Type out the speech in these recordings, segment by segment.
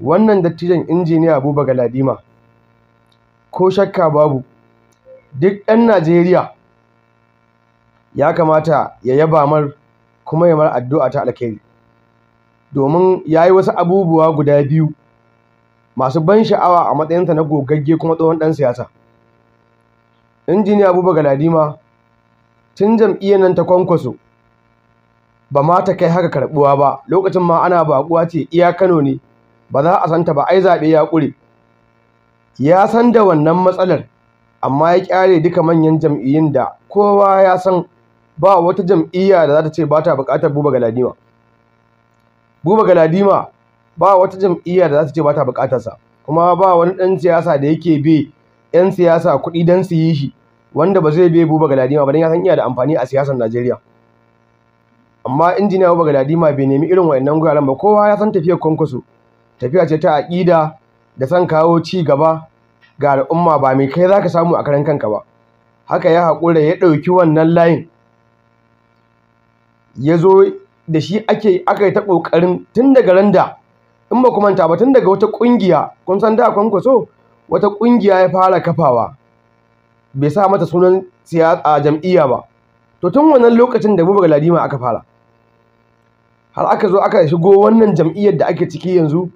wannan dattijan injiniya Abuba Galadima ko shakka babu duk ɗan Najeriya ya kamata ya yaba mar kuma ya mar addu'a ta alkhairi domin ya yi wasu abubuwa guda biyu masu ban sha'awa a matsayinsa na gogagge kuma tsohon ɗan siyasa injiniya Abuba Galadima tun jam'iyyar nan ta kwankwaso ba ma ta kai haka karɓuwa ba lokacin ma ana baƙuwa ce iya Kano ne ba za a san ta, ba ai zaɓe ya ƙure ya san da wannan matsalar amma ya ƙyare duka manyan jam'iyyun da kowa ya san ba wata jam'iyya da za ta ce ba ta buƙatar buba galadima buba galadima ba wata jam'iyya da za ta ce ba ta buƙatarsa kuma ba wani ɗan siyasa da yake bi 'yan siyasa kuɗi don su yi shi wanda ba zai bi buba galadima ba don ya san iya da amfani a siyasar najeriya amma injiniya buba galadima bai nemi irin wa'annan guraren ba kowa ya san tafiyar kwankwaso tafiya ce ta aƙida da son kawo ci gaba ga al'umma ba mai kai zaka samu a karan kanka ba haka ya haƙura ya ɗauki wannan layin ya zo da shi ake aka yi ta ƙoƙarin tun daga randa in ba ku manta ba tun daga wata ƙungiya kun san da kwankwaso wata ƙungiya ya fara kafawa bai sa mata sunan siyasa a jam'iyya ba to tun wannan lokacin da bubar ladima aka fara har aka zo aka shigo wannan jam'iyyar da ake ciki yanzu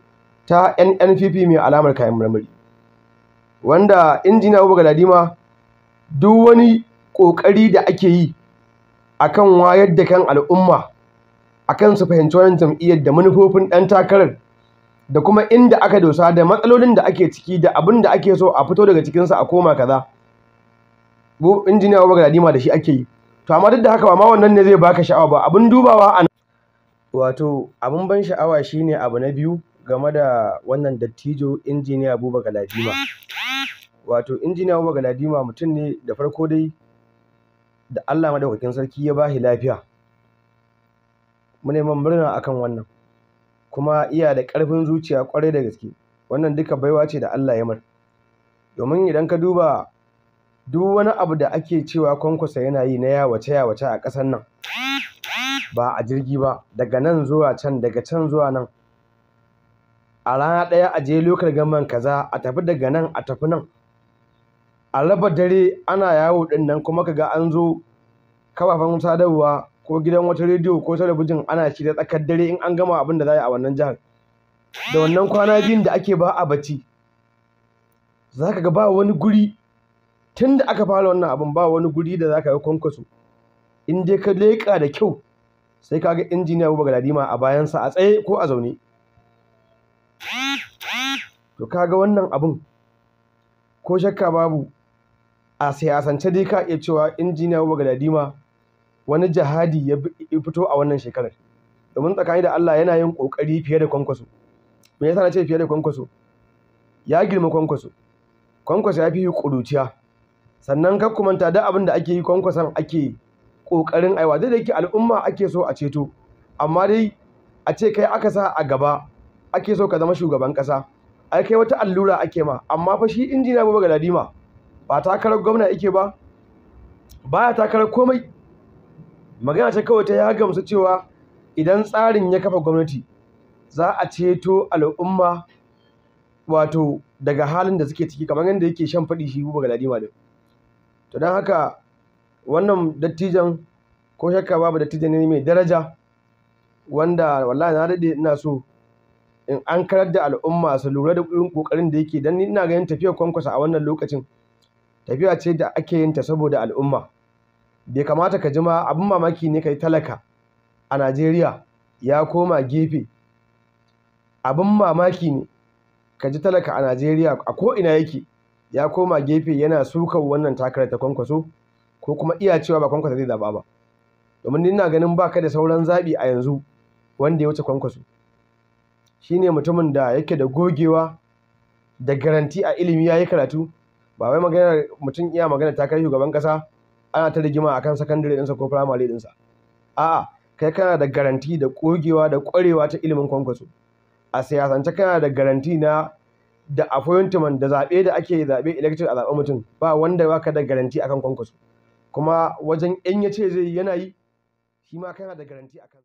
ta NNPP mai alamar kayan marmari wanda injina Abubakar Galadima duk wani ƙoƙari da ake yi a kan wayar da kan al'umma a kan su fahimci wannan jam'iyyar da manufofin ɗan takarar da kuma inda aka dosa da matsalolin da ake ciki da abin da ake so a fito daga cikinsa a koma kaza injiniya Abubakar Galadima da shi ake yi to amma duk da haka ba ma wannan zai baka sha'awa ba abin dubawa a wato abin ban sha'awa shine abu na biyu game da wannan dattijo injiniya Abubakar Galadima. Wato injiniya Abubakar Galadima mutum ne da farko dai da Allah madaukakin sarki ya bashi lafiya. Mu neman murna akan wannan. Kuma iya da ƙarfin zuciya ƙwarai da gaske. Wannan duka baiwa ce da Allah ya mar. Domin idan ka duba duk wani abu da ake cewa kwankwasa yana yi na yawace-yawace a ƙasar nan ba a jirgi ba daga nan zuwa can daga can zuwa nan a rana ɗaya a je lokar gaman kaza a tafi daga nan a tafi nan a raba dare ana yawo ɗin nan kuma ga an zo kafafen sadarwa ko gidan wata rediyo ko talabijin ana shirya tsakar dare in an gama abin da za a yi a wannan jihar da wannan kwana biyun da ake ba a bacci za ka ga ba wani guri tun da aka fara wannan abin ba wani guri da za ka ga kwankwaso in dai ka leƙa da kyau sai ka ga injiniya Abubakar Ladima a bayansa a tsaye ko a zaune to kaga wannan abin ko shakka babu a siyasance dai ka iya cewa injiniya Abubakar dadima wani jihadi ya fito a wannan shekarar domin tsakani da Allah yana yin kokari fiye da kwankwaso me yasa na ce fiye da kwankwaso ya girma kwankwaso kwankwaso ya fi yi sannan kar kumanta da abin da ake yi kwankwason ake ƙoƙarin aiwa dai da yake al'umma ake so a ceto amma dai a ce kai aka sa a gaba ake so ka zama shugaban ƙasa ai kai wata allura ake ma amma fa shi injiniya Abubakar Galadima ba takarar gwamna yake ba baya takarar komai magana ce kawai ta ya gamsu cewa idan tsarin ya kafa gwamnati za a ceto al'umma wato daga halin da suke ciki kamar yadda yake shan faɗi shi Abubakar Galadima din to don haka wannan dattijan ko shakka babu dattijan ne mai daraja wanda wallahi na daɗe ina so in an karar da al'umma su lura da irin ƙoƙarin da yake dan ina ganin tafiyar kwankwasa a wannan lokacin tafiya ce da ake yin ta saboda al'umma bai kamata ka jima abin mamaki ne kai talaka a Najeriya ya koma gefe abin mamaki ne ka ji talaka a Najeriya a ko'ina yake ya koma gefe yana suka wannan takarar ta kwankwaso ko kuma iya cewa ba kwankwasa zai zaba ba domin ina ganin baka da sauran zaɓi a yanzu wanda ya wuce kwankwaso shine mutumin da yake da gogewa da garanti a ilimi ya yi karatu ba wai maganar mutum iya magana ta kai shugaban kasa ana ta rigima akan sakandare ɗinsa ko firamare ɗinsa a'a kai kana da garanti da gogewa da ƙwarewa ta ilimin kwankwaso a siyasance kana da garanti na da appointment da zaɓe da ake zaɓe electric a zaɓen mutum ba wanda baka da garanti akan kwankwaso kuma wajen in ya ce zai yana yi shi ma kana da garanti akan